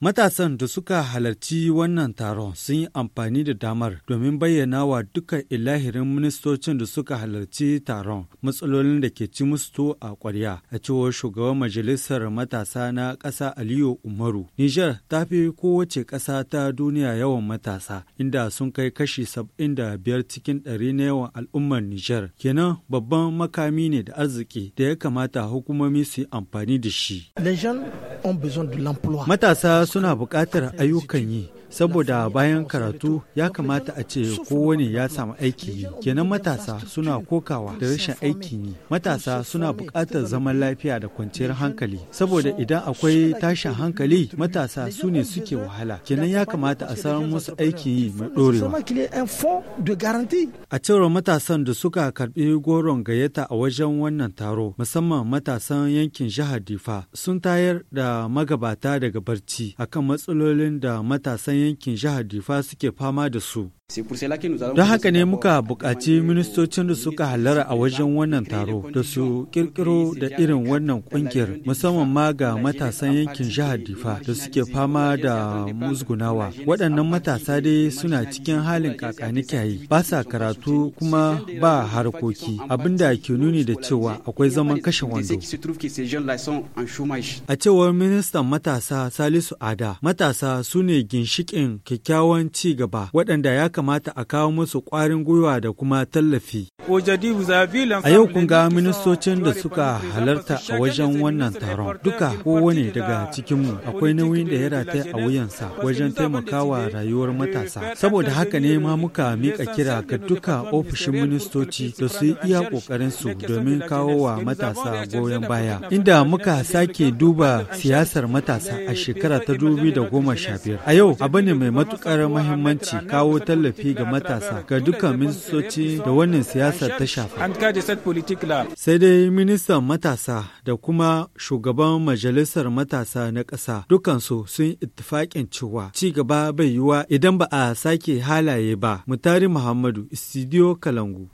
Matasan da suka halarci wannan taron sun yi amfani da damar domin bayyana wa dukkan ilahirin ministocin da suka halarci taron matsalolin da ke ci musu a kwarya a cewar shugaban majalisar matasa na ƙasa Aliyu Umaru. Nijar ta fi kowace ƙasa ta duniya yawan matasa inda sun kai kashi saba'in da biyar cikin ɗari na yawan al'ummar Nijar. Kenan babban makami ne da arziki da ya kamata hukumomi su yi amfani da shi. Matasa suna buƙatar ayyukan yi saboda bayan karatu ya kamata a ce kowane ya samu aiki yi kenan matasa suna kokawa da rashin aiki yi matasa suna buƙatar zaman lafiya da kwanciyar hankali saboda idan akwai tashin hankali matasa su ne suke wahala kenan ya kamata a samu musu aiki yi mai ɗorewa a cewar matasan da suka karɓi goron gayyata a wajen wannan taro musamman matasan yankin jihar difa sun tayar da magabata daga barci akan matsalolin da matasan yankin jihar Difa suke fama da su. Don haka ne muka buƙaci ministocin da suka halara a wajen wannan taro da su ƙirƙiro da irin wannan ƙungiyar musamman ma ga matasan yankin jihar Difa da suke fama da musgunawa. Waɗannan matasa dai suna cikin halin kakanikyayi ba sa karatu kuma ba harkoki abinda ke nuni da cewa akwai zaman kashe wando. A cewar ministan matasa Salisu Ada, matasa su ne ginshiƙin kyakkyawan ci gaba waɗanda ya kamata a kawo musu ƙwarin gwiwa da kuma tallafi. A yau kun ga ministocin da suka halarta a wajen wannan taron duka kowane daga cikinmu akwai nauyin da ya rataya a wuyansa wajen taimakawa rayuwar matasa. Saboda haka ne ma muka mika kira ga duka ofishin ministoci da su yi iya ƙoƙarinsu domin kawo wa matasa goyon baya. Inda muka sake duba siyasar matasa a shekara ta dubi da goma sha biyar. A yau abu ne mai matukar muhimmanci kawo tallafi ga matasa ga duka ministoci da wannan siyasa siyasar ta shafa. Sai dai ministan matasa da kuma shugaban majalisar matasa na ƙasa dukansu sun ittifaƙin cewa ci gaba bai yiwa idan ba a sake halaye ba. Mutari Muhammadu, Studio Kalangu.